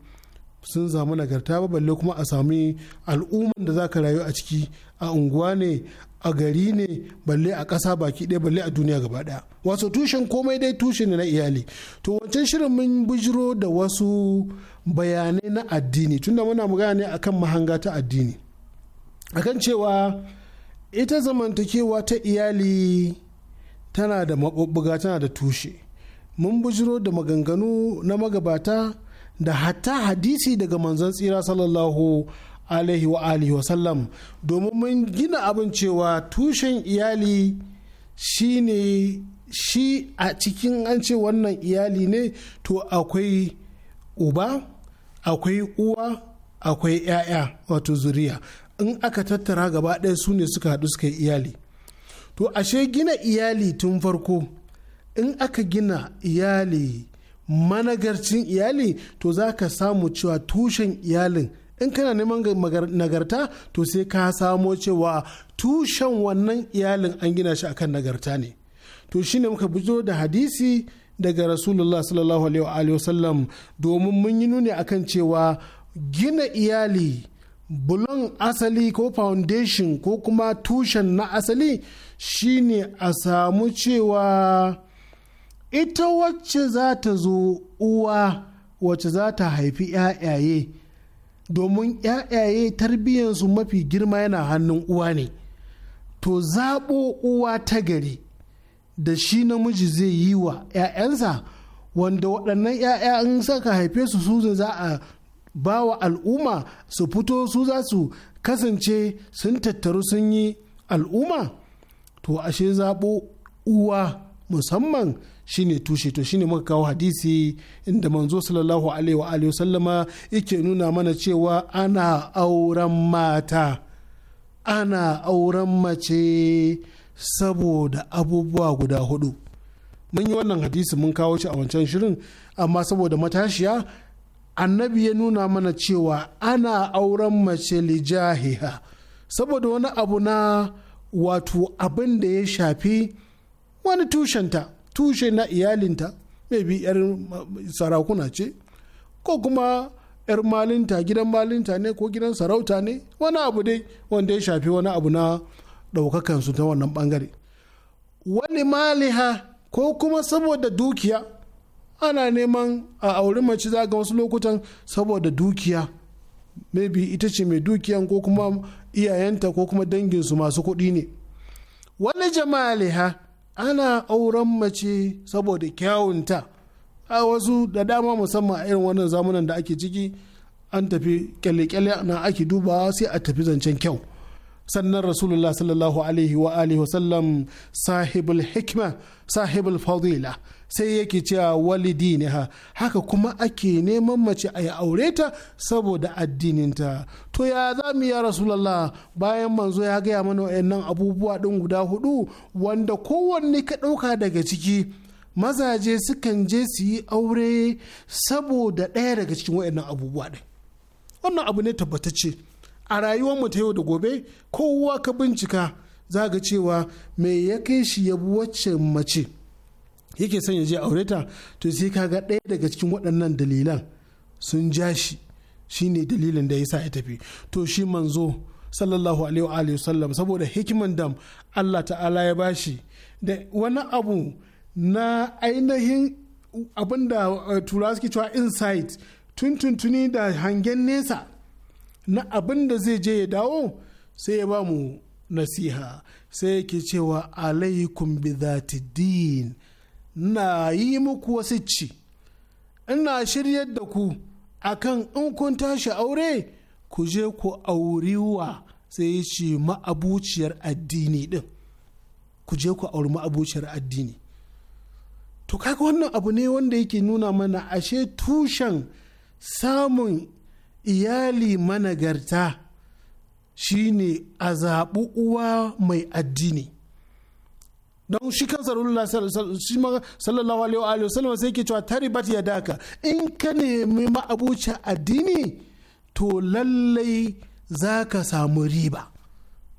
sun samu nagarta ba balle kuma a sami al'umman da za ka rayu a ciki a unguwa ne a gari ne balle a ƙasa baki ɗaya balle a duniya gaba ɗaya wasu tushen komai dai tushe ne na iyali to wancan shirin mun bujiro da wasu bayanai na addini tunda muna magana ne akan mahanga ta addini akan cewa ita zamantakewa ta iyali tana da maɓuɓɓuga tana da tushe mun bujiro da maganganu na magabata da hatta hadisi daga manzon tsira sallallahu alaihi wa alihi wasallam domin mun gina abin cewa tushen iyali shine shi a cikin an ce wannan iyali ne to akwai uba akwai uwa akwai 'ya'ya wato zuriya in aka tattara gaba ɗaya su ne suka haɗu suka yi iyali to ashe gina iyali tun farko in aka gina iyali managarcin iyali to za ka samu cewa tushen iyalin in kana neman nagarta to sai ka samo cewa tushen wannan iyalin an gina shi akan nagarta ne to shine muka bujo da hadisi daga rasulullah sallallahu alaihi wasallam domin mun yi nuni akan cewa gina iyali bulon asali ko foundation ko kuma tushen na asali shine a samu cewa ita wacce za ta zo uwa wacce za ta haifi ‘ya'yaye domin ‘ya'yaye tarbiyyarsu mafi girma yana hannun uwa ne to zaɓo uwa ta gari da shi namiji zai yi wa ‘ya'yansa wanda waɗannan ‘ya'ya in saka haife su su za a ba wa al'umma su fito su za su kasance sun tattaru sun yi al'umma to ashe zaɓo uwa musamman shine tushe to shine muka kawo hadisi inda manzo sallallahu alaihi wa alihi sallama yake nuna mana cewa ana auren mata ana auren mace saboda abubuwa guda hudu mun yi wannan hadisi mun kawo shi a wancan shirin amma saboda matashiya annabi ya nuna mana cewa ana auren mace lijahiha saboda wani abu na wato abin da ya shafi wani tushenta tushe na iyalinta maybe yar sarakuna ce ko kuma yar malinta gidan malinta ne ko gidan sarauta ne wani abu dai wanda ya shafi wani abu na ɗaukakansu ta wannan bangare. wani maliha ko kuma saboda dukiya ana neman a auri mace za ga wasu lokutan saboda dukiya maybe ita ce mai dukiyan ko kuma iyayenta ko kuma danginsu masu kuɗi ne wani jama'aliha ana auren mace saboda kyawunta a wasu da dama musamman a irin wannan zamanin da ake ciki an tafi kyalle-kyalle na ake dubawa sai a tafi zancen kyau sannan rasulullah sallallahu alaihi wa alihi sallam sahibul hikma sahibul fadila sai yake cewa walidi ne ha haka kuma ake neman mace a yi aure ta saboda addininta to ya za mu ya rasulallah bayan manzo ya gaya mana wayannan abubuwa ɗin guda hudu wanda kowanne ka ɗauka daga ciki mazaje sukan je su yi aure saboda ɗaya daga cikin wayannan abubuwa ɗin wannan abu ne tabbatacce a rayuwar mu ta yau da gobe kowa ka bincika za ga cewa me ya kai shi ya bi wacce mace yake son ya je aure ta to sai ka ga ɗaya daga cikin waɗannan dalilan sun ja shi shine dalilin da ya sa ya tafi to shi manzo sallallahu alaihi wa sallam saboda hikiman dam Allah ta'ala ya bashi da wani abu na ainihin abinda eh, tura suke cewa insight tuntuntuni da hangen nesa na abin da zai je ya dawo sai ya ba mu nasiha sai yake cewa alaikum bi din na yi muku wasu ci ina shiryar da ku akan in kun tashi aure ku je ku auriwa sai ya ce ma'abuciyar addini din ku je ku auri ma'abuciyar addini to kaga wannan abu ne wanda yake nuna mana ashe tushen samun iyali managarta shine a zaɓi uwa mai addini don shi kan sallallahu alaihi wasallam sai ke cewa taribat ya daka in ka nemi ma'abuci addini to lallai za ka samu riba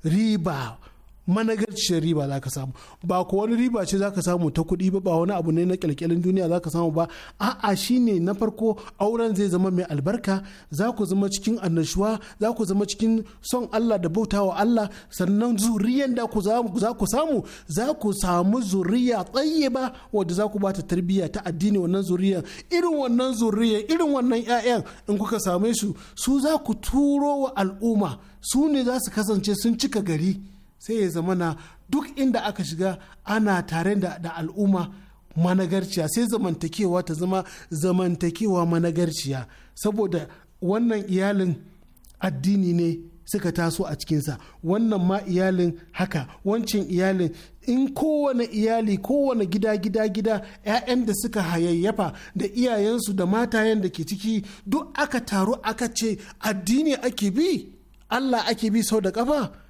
riba managarciyar riba za ka samu ba ko wani riba ce za ka samu ta kuɗi ba wani abu ne na kyalkyalin duniya za ka samu ba a'a shine na farko auren zai zama mai albarka za ku zama cikin annashuwa za ku zama cikin son Allah da bautawa Allah sannan zuriyan da ku za ku samu za ku samu zuriya tsaye ba wadda za ku bata tarbiyya ta addini wannan zuriyan irin wannan zuriyan irin wannan 'ya'yan in kuka same su su za ku turo wa al'umma su ne za su kasance sun cika gari sai ya zamana duk inda aka shiga ana tare da al'umma managarciya sai zamantakewa ta zama zamantakewa managarciya saboda wannan iyalin addini ne suka taso a cikinsa wannan ma iyalin haka wancan iyalin in kowane iyali kowane gida gida gida 'ya'yan da suka hayayyafa da iyayensu da matayen da ke ciki duk aka taru aka ce addini ake bi allah ake bi sau da kafa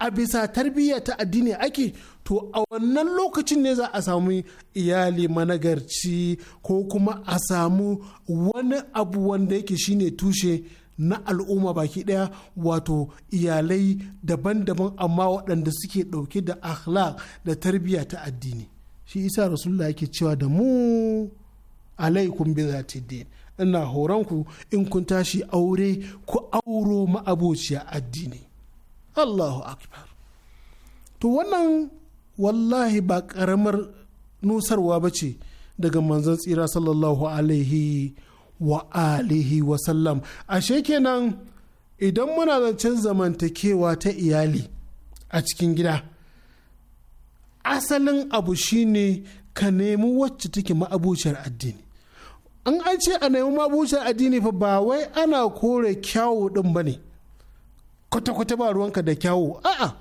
a bisa tarbiyya ta addini ake to a wannan lokacin ne za a samu iyali managarci ko kuma a samu wani abu wanda yake shine tushe na al'umma baki daya wato iyalai daban-daban amma waɗanda suke ɗauke da akhlaq da tarbiyya ta addini shi isa rasulullah yake cewa da mu alaikum bi din ina horonku in kun tashi aure ku auro ma'abociya addini Allahu akbar to wannan wallahi ba karamar nusarwa ba ce daga manzon tsira sallallahu alaihi wa alihi wa sallam ashe kenan idan muna zancen zamantakewa ta iyali a cikin gida asalin abu shine ka nemi wacce take ma'abuciyar addini an an ce a nemi ma'abuciyar addini fa ba wai ana kore kyawu din ba ne kwata-kwata ba ruwanka da kyawu a'a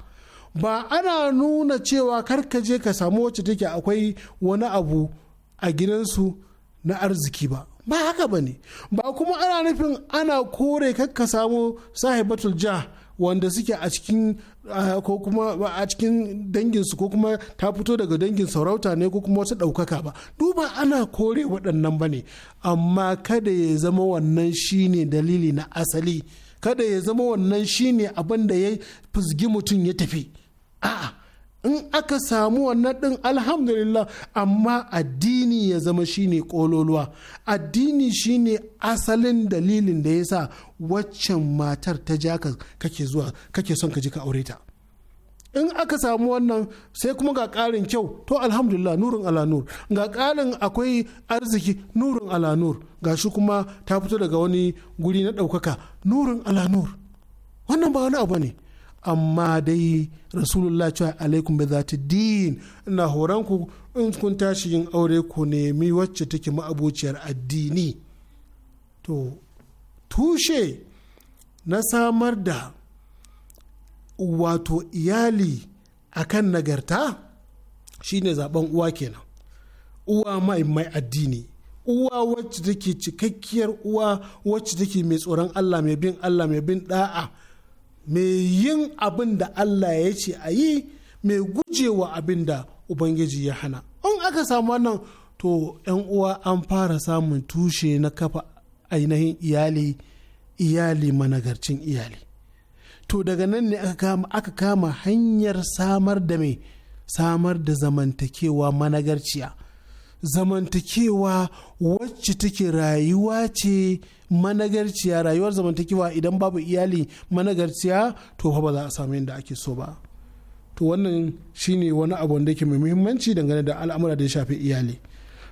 ba ana nuna cewa karka je ka samu wacce take akwai wani abu a gidansu na arziki ba ba haka ba ne ba kuma ana nufin ana kore ka samu sahibatul ja wanda suke a cikin ko kuma a cikin danginsu ko kuma ta fito daga dangin sarauta ne ko kuma wata ɗaukaka ba duba ana kore waɗannan ba ne amma kada ya zama wannan shine dalili na asali kada ya zama wannan shine abin da ya fusgi mutum ya tafi a'a in aka samu wannan din alhamdulillah amma addini ya zama shine kololuwa addini shine asalin dalilin da ya sa waccan matar ta jaka kake zuwa kake son ka ji ka aure ta in aka samu wannan sai kuma ga ƙarin kyau to alhamdulillah nurin ala nur ga ƙarin akwai arziki nurin ala nur ga shi kuma ta fito daga wani guri na ɗaukaka nurin ala nur wannan ba wani abu ne amma dai rasulullah cewa alaikum bi zati din ina horan ku in kun tashi yin aure ku nemi wacce take ma'abociyar addini to tushe na samar da wato iyali akan nagarta shine zaben uwa kenan uwa mai mai addini uwa wacce take cikakkiyar uwa wacce take mai tsoron Allah mai bin Allah mai bin da'a mai yin abin da Allah ya ce a yi mai gujewa abin da Ubangiji ya hana in aka samu wannan to 'yan uwa an fara samun tushe na kafa ainihin iyali iyali managarcin iyali to daga nan ne aka kama hanyar samar da mai samar da zamantakewa managarciya zamantakewa wacce take rayuwa ce managarciya rayuwar zamantakewa idan babu iyali managarciya to fa ba za a samu yadda ake so ba to wannan shine wani abu da ke mai muhimmanci dangane da al'amura da ya shafi iyali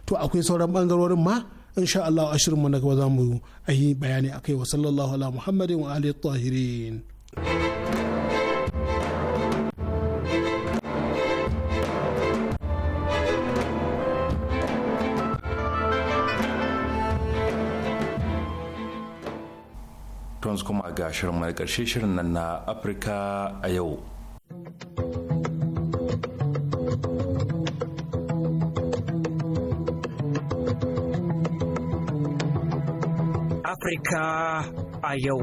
to akwai sauran bangarorin ma insha Allah ashirin mu na gaba za mu yi bayani akai wa sallallahu ala muhammadin wa alihi tahirin tons kuma ga shirin mai karshe shirin nan na afirka a yau afirka a yau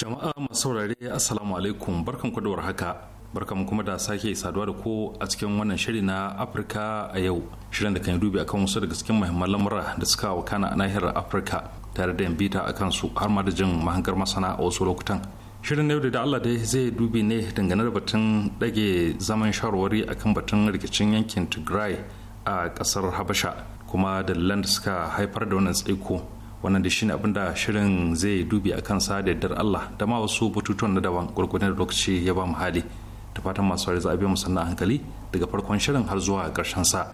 jama'a masu saurare assalamu alaikum barkan ku haka warhaka barkan kuma da sake saduwa da ku a cikin wannan shiri na afirka a yau shirin da kan yi dubi akan wasu daga cikin muhimman lamura da suka wa kana a nahiyar afirka tare da bita a kansu har ma da jin mahangar masana a wasu lokutan shirin yau da allah dai zai dubi ne dangane da batun dage zaman shawarwari akan batun rikicin yankin tigray a kasar habasha kuma dalilan da suka haifar da wannan tsaiko wannan da shi abin da shirin zai dubi a kan sa da yardar Allah da ma wasu batutuwan na daban da lokaci ya ba mu hali ta fatan masu wari za a biya mu sannan hankali daga farkon shirin har zuwa karshen sa.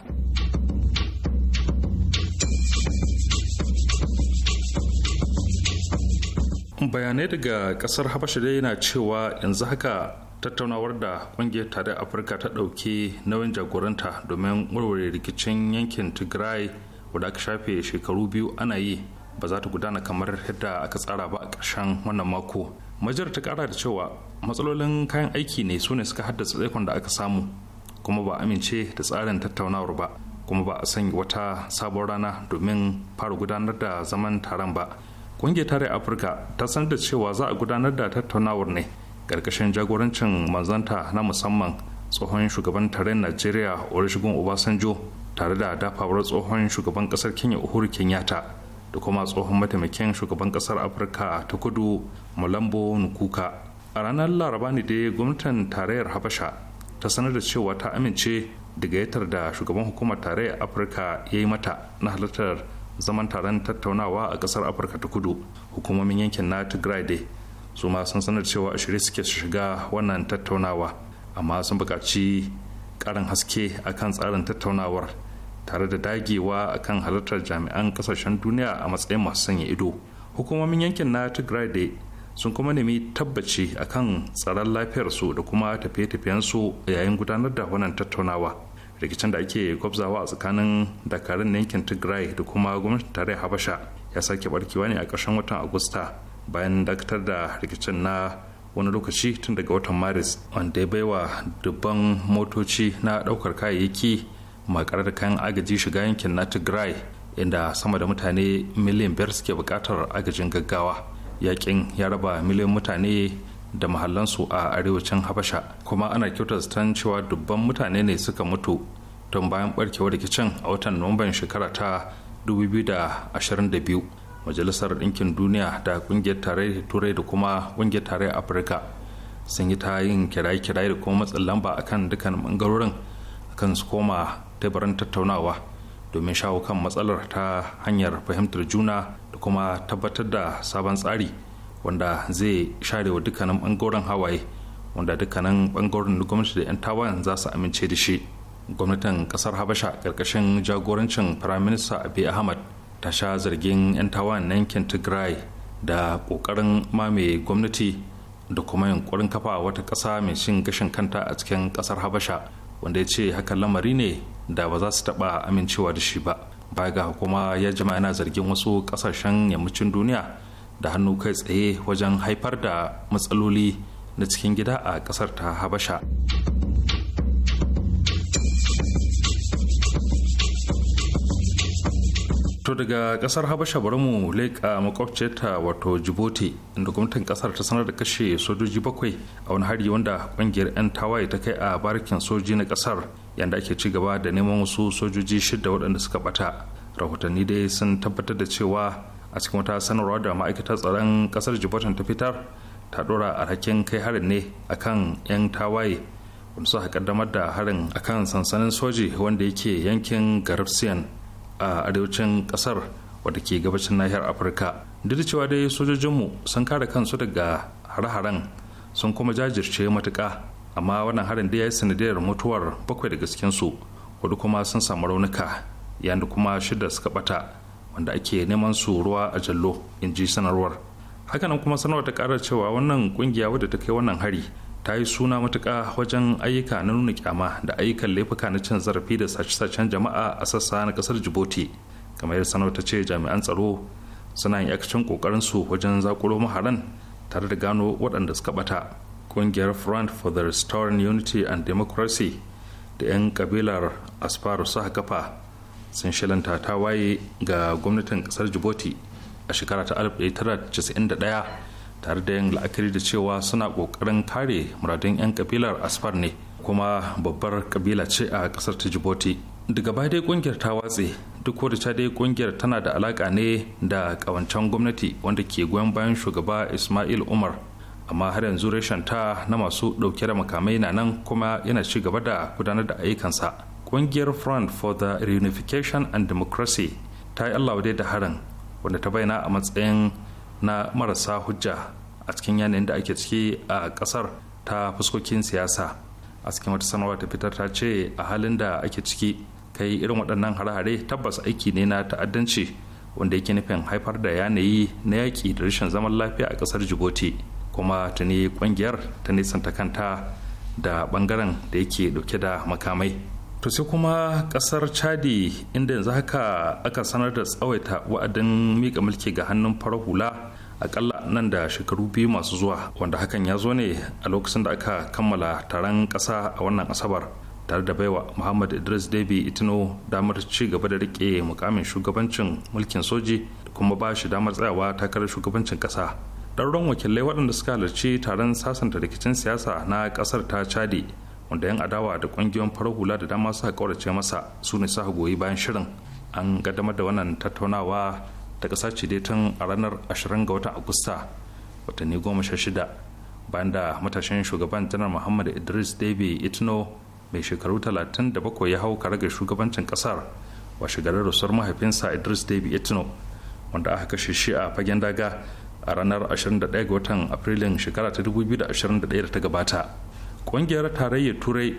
bayanai daga kasar habasha dai yana cewa yanzu haka tattaunawar da kungiyar tare afirka ta ɗauki nauyin jagoranta domin warware rikicin yankin tigray wadda aka shafe shekaru biyu ana yi ba za ta gudana kamar yadda aka tsara ba a ƙarshen wannan mako majiyar ta kara da cewa matsalolin kayan aiki ne su ne suka haddasa tsaikon da aka samu kuma ba amince da tsarin tattaunawar ba kuma ba a sanya wata sabon rana domin fara gudanar da zaman taron ba ƙungiyar tare afirka ta san da cewa za a gudanar da tattaunawar ne ƙarƙashin jagorancin manzanta na musamman tsohon shugaban taron najeriya olusegun obasanjo tare da dafawar tsohon shugaban ƙasar kenya uhuru kenyatta da kuma tsohon mataimakin shugaban kasar afirka ta kudu malambo nukuka a ranar laraba ne dai gwamnatin tarayyar habasha ta sanar da cewa ta amince da gayyatar da shugaban hukumar tarayyar afirka ya yi mata na halartar zaman taron tattaunawa a kasar afirka ta kudu hukumomin yankin na tigray dai su ma sun sanar cewa a shirye suke shiga wannan tattaunawa amma sun buƙaci ƙarin haske akan tsarin tattaunawar tare da dagewa a kan halartar jami'an kasashen duniya a matsayin masu sanya ido hukumomin yankin na tigray da sun kuma nemi tabbaci akan tsaron lafiyarsu da kuma tafiye-tafiyensu yayin gudanar da wannan tattaunawa rikicin da ake gwabzawa a tsakanin dakarun yankin tigray da kuma gwamnatin tarayyar habasha ya sake barkewa ne a ƙarshen watan agusta bayan dakatar da rikicin na wani lokaci tun daga watan maris wanda ya baiwa dubban motoci na ɗaukar kayayyaki makar da kayan agaji shiga yankin na tigray inda sama da mutane miliyan biyar suke bukatar agajin gaggawa yakin ya raba miliyan mutane da mahallansu a arewacin habasha kuma ana kyautata cewa dubban mutane ne suka mutu tun bayan barkewar rikicin a watan nuwamban shekara ta 2022 majalisar ɗinkin duniya da ƙungiyar tarayyar turai da kuma ƙungiyar tarayyar afirka sun yi ta yin kiraye-kiraye da kuma matsin lamba akan dukkan bangarorin akan su koma teburin tattaunawa domin shawo kan matsalar ta hanyar fahimtar juna da kuma tabbatar da sabon tsari wanda zai share wa dukkanin bangaren hawaye wanda dukkanin da gwamnati da 'yan tawan za su amince da shi gwamnatin kasar habasha karkashin jagorancin prime firaminista abiy ahmad ta sha zargin 'yan tawayen na yankin tigray da kokarin mamaye gwamnati da kuma yunkurin kafa wata kasa mai cin gashin kanta a cikin kasar habasha wanda ya ce hakan lamari ne da ba za su taɓa amincewa da shi ba baya ga hukuma ya jima yana zargin wasu kasashen yammacin duniya da hannu kai tsaye wajen haifar da matsaloli na cikin gida a ƙasar ta habasha. To daga kasar Habasha bari mu leƙa makwabciyarta wato Djibouti inda gwamnatin kasar ta sanar da kashe sojoji bakwai a wani hari wanda kungiyar 'yan tawaye ta kai a barikin soji na kasar yanda ake ci gaba da neman wasu sojoji shida waɗanda suka bata. Rahotanni dai sun tabbatar da cewa a cikin wata sanarwa da ma'aikatar tsaron kasar Djibouti ta fitar ta ɗora alhakin kai harin ne akan 'yan tawaye wanda suka kaddamar da harin akan sansanin soji wanda yake yankin Garibsiyan a arewacin kasar wadda ke gabashin nahiyar afirka duk da cewa dai sojojinmu sun kare kansu daga hare-haren sun kuma jajirce matuka amma wannan harin da ya yi sanadiyar mutuwar bakwai daga cikinsu hudu kuma sun samu raunuka yayin da kuma shida suka bata wanda ake neman su ruwa a jallo in ji sanarwar hakanan kuma sanarwar ta karar cewa wannan kungiya wadda ta kai wannan hari ta yi suna matuƙa wajen ayyuka na nuna kyama da ayyukan laifuka na cin zarafi da sace-sacen jama'a a sassa na ƙasar jiboti kamar yadda sanar ta ce jami'an tsaro suna yin yakacin ƙoƙarin su wajen zakuro maharan tare da gano waɗanda suka bata ƙungiyar front for the restoring unity and democracy da 'yan kabilar asfaru suka kafa sun shilanta ta waye ga gwamnatin kasar jiboti a shekara ta 1991 tare da yin la'akari da cewa suna kokarin kare muradun 'yan kabilar asfar ne kuma babbar kabila ce a ƙasar ta jiboti daga baya dai ƙungiyar ta watse duk da ta dai ƙungiyar tana da alaka ne da kawancen gwamnati wanda ke goyon bayan shugaba ismail umar amma har yanzu reshen ta na masu ɗauke da makamai na nan kuma yana ci gaba da gudanar da ayyukansa ƙungiyar front for the reunification and democracy ta yi allah da harin wanda ta bayyana a matsayin na marasa hujja a cikin yanayin da ake ciki a kasar ta fuskokin siyasa a cikin wata sanarwa ta fitar ta ce a halin da ake ciki kai irin waɗannan hare-hare tabbas aiki ne na ta'addanci wanda yake nufin haifar da yanayi na yaƙi da rashin zaman lafiya a ƙasar jibuti kuma tuni ƙungiyar ta nisanta kanta da ɓangaren da yake ɗauke da makamai to sai kuma kasar chadi inda yanzu haka aka sanar da tsawaita wa'adin mika mulki ga hannun farar hula akalla nan da shekaru biyu masu zuwa wanda hakan ya zo ne a lokacin da aka kammala taron ƙasa a wannan asabar tare da baiwa muhammad idris debi itino damar ci gaba da rike mukamin shugabancin mulkin soji da kuma ba shi damar tsayawa takarar shugabancin ƙasa ɗarurran wakilai waɗanda suka halarci taron sasanta rikicin siyasa na ƙasar ta chadi wanda yan adawa da kungiyoyin farar hula da dama suka kaurace masa su ne suka goyi bayan shirin an kaddamar da wannan tattaunawa ta kasa ce dai tun a ranar 20 ga watan agusta watanni goma shida bayan da matashin shugaban janar muhammad idris debi itno mai shekaru 37 ya hau karagar shugabancin kasar washe shigarar rasuwar mahaifinsa idris debi itno wanda aka kashe shi a fagen daga a ranar 21 ga watan afrilun shekara ta 2021 da ta gabata ƙungiyar tarayyar turai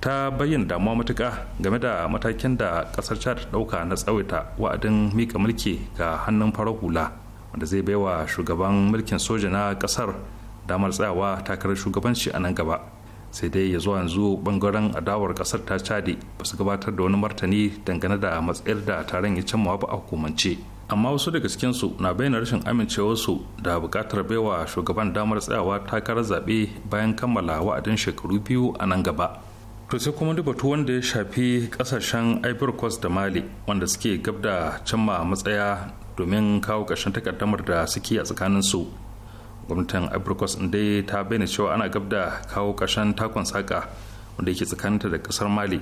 ta bayyana damuwa matuka game da matakin da kasar chad dauka na tsawaita wa'adin mika mulki ga hannun farar hula wanda zai baiwa shugaban mulkin soja na kasar damar tsayawa takarar shugabanci a nan gaba sai dai ya zuwa yanzu bangaren adawar kasar ta chadi ba su gabatar da wani martani dangane da matsayar da taron ya cimma ba a hukumance amma wasu daga cikinsu na bayyana rashin amincewarsu da buƙatar baiwa shugaban damar tsayawa takarar zaɓe bayan kammala wa'adin shekaru biyu a nan gaba to sai kuma dubatu wanda ya shafi ƙasashen ivory coast da mali wanda suke gab da cimma matsaya domin kawo ƙarshen takaddamar da suke a su gwamnatin ivory coast dai ta bayyana cewa ana gab da kawo ƙarshen takon saka wanda yake tsakaninta da ƙasar mali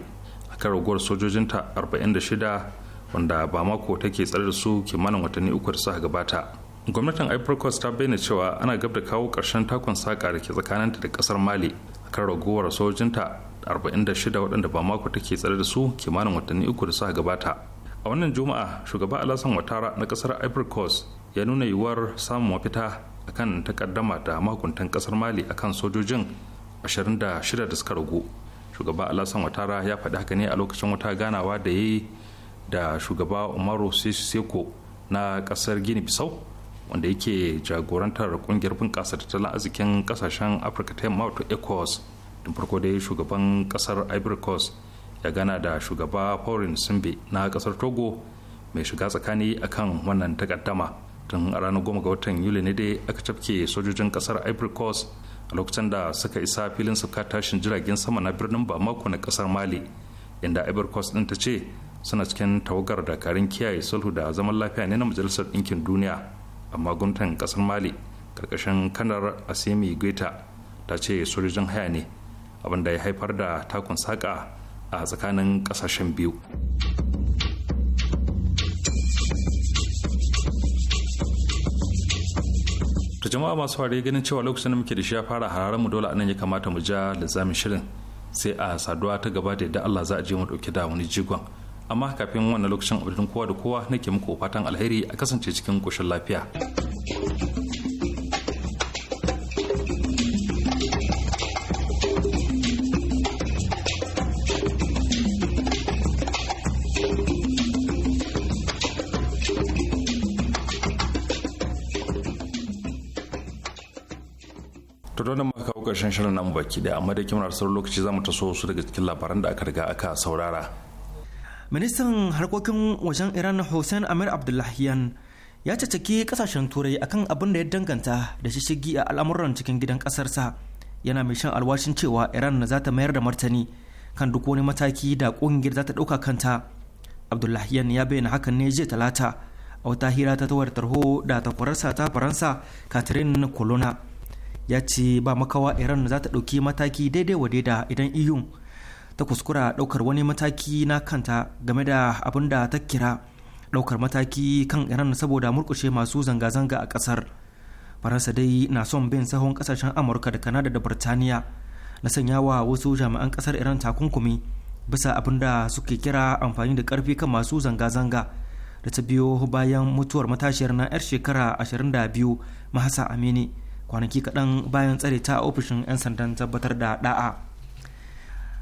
kan raguwar sojojinta 46 wanda ba mako take tsare da su kimanin watanni uku da suka gabata gwamnatin ivory coast ta bayyana cewa ana gab da kawo ƙarshen takon saƙa da ke tsakaninta da ƙasar mali akan ragowar sojinta 46 waɗanda ba mako take tsare da su kimanin watanni uku da suka gabata a wannan juma'a shugaba alasan watara na ƙasar ivory coast ya nuna yiwuwar samun mafita akan takaddama da makuntan kasar mali akan sojojin 26 da suka ragu shugaba alasan watara ya faɗi haka ne a lokacin wata ganawa da ya yi da shugaba umaru seko na kasar gini bisau wanda yake jagorantar kungiyar bunƙasa tattalin arzikin kasashen afirka ta yamma wato ecos tun farko dai shugaban kasar ivory coast ya gana da shugaba pauline simbe na kasar togo mai shiga tsakani akan wannan takaddama tun a ranar goma ga watan yuli ne dai aka cafke sojojin kasar ivory coast a lokacin da suka isa filin suka tashin jiragen sama na birnin bamako na kasar mali inda ivory coast din ta ce suna cikin tawagar dakarun kiyaye sulhu da zaman lafiya ne na majalisar ɗinkin duniya amma gwamnatin ƙasar mali ƙarƙashin kanar asimi guita ta ce sojojin haya ne abinda ya haifar da takun saƙa a tsakanin ƙasashen biyu ta jama'a masu fare ganin cewa lokacin da muke da shi ya fara hararen mu dole anan ya kamata mu ja lizamin shirin sai a saduwa ta gaba da yadda Allah za a je mu ɗauki da wani jigon amma kafin wannan lokacin abudin kowa da kowa nake muku fatan alheri a kasance cikin koshin lafiya turonin maka kawo karshen shirin namu baki da amma da kimar sauran lokaci za mu taso su daga cikin labaran da aka riga aka saurara ministan harkokin wajen iran hussein amir abdullahiyan ya caceki kasashen turai akan abin da ya danganta da shishigi a al'amuran cikin gidan kasarsa yana mai shan alwashin cewa iran za ta mayar da martani kan duk wani mataki da kungiyar za ta ɗauka kanta abdullahiyan ya bayyana hakan ne jiya talata a wata hira ta tawar tarho da takwararsa ta faransa catherine colonna ya ce ba makawa iran za ta ɗauki mataki daidai wa daida idan iyun e ta kuskura ɗaukar wani mataki na kanta game da abin da ta kira ɗaukar mataki kan iran saboda murkushe masu zanga-zanga a ƙasar faransa dai na son bin sahun kasashen amurka da kanada da birtaniya na sanya wa wasu jami'an ƙasar iran takunkumi bisa abin da suke kira amfani da ƙarfi kan masu zanga-zanga da ta biyo bayan mutuwar matashiyar na 'yar shekara 22 mahasa amini kwanaki kaɗan bayan tsare ta ofishin 'yan sandan tabbatar da ɗa'a.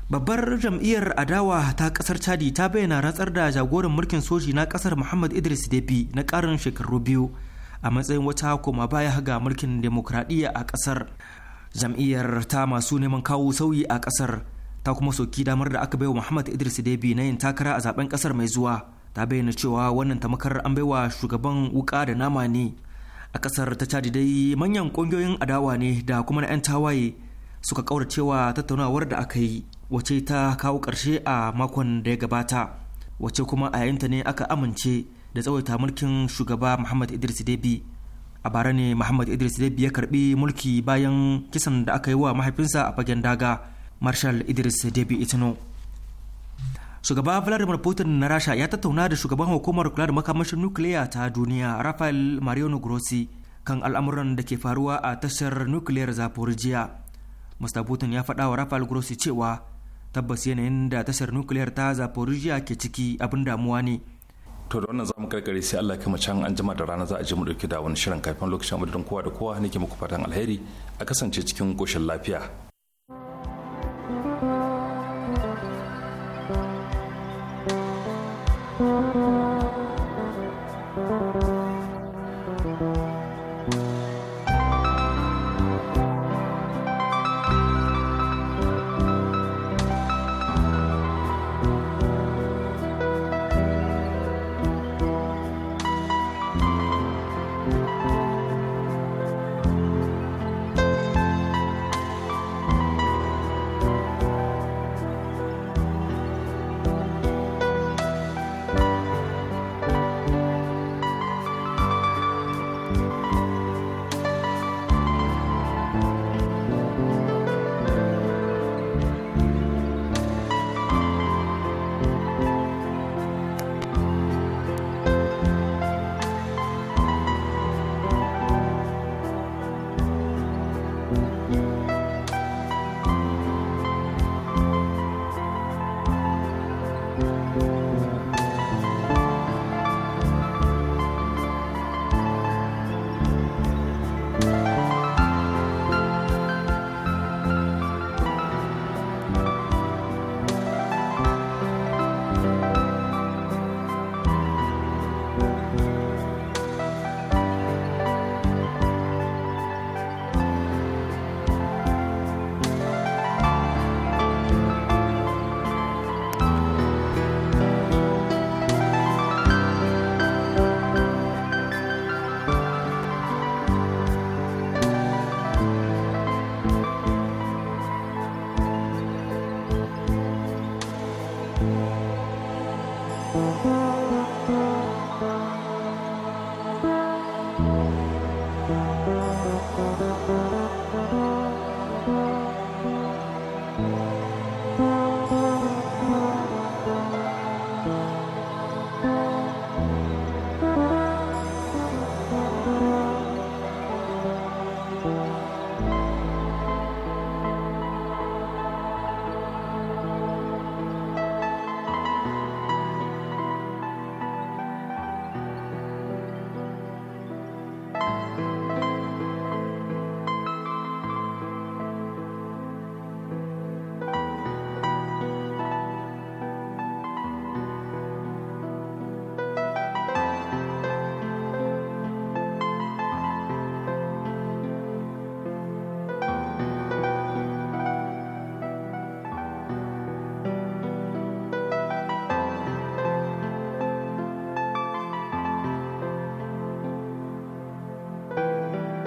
babbar jam'iyyar adawa ta kasar chadi ta bayyana ratsar da jagoran mulkin soji na kasar muhammad idris debi na karin shekaru biyu a matsayin wata koma baya haga mulkin demokradiyya a kasar jam'iyyar ta masu neman kawo sauyi a kasar ta kuma soki damar da aka baiwa muhammad idris debi na yin takara a zaben kasar mai zuwa ta bayyana cewa wannan tamakar an baiwa shugaban wuka da nama ne a kasar ta chadi dai manyan kungiyoyin adawa ne da kuma na 'yan tawaye suka kauracewa tattaunawar da aka yi wace ta kawo ƙarshe a makon da ya gabata wace kuma a yayinta ne aka amince da tsawaita mulkin shugaba muhammad idris debi a bara ne muhammad idris debi ya karbi mulki bayan kisan da aka yi wa mahaifinsa a fagen daga marshal idris debi itino shugaba vladimir putin na rasha ya tattauna da shugaban hukumar kula da makamashin nukiliya ta duniya rafael mariano grossi kan al'amuran da ke faruwa a tashar nukiliyar zaporijiya mr putin ya faɗa wa rafael grossi cewa tabbas yanayin da tashar nukiliyar ta zaporizhia ke ciki abin damuwa ne to da wannan zamu karkare sai Allah kuma can an jima da rana za a je mu dauki da wani shirin kafin lokacin da kowa da kowa nake muku fatan alheri a kasance cikin koshin lafiya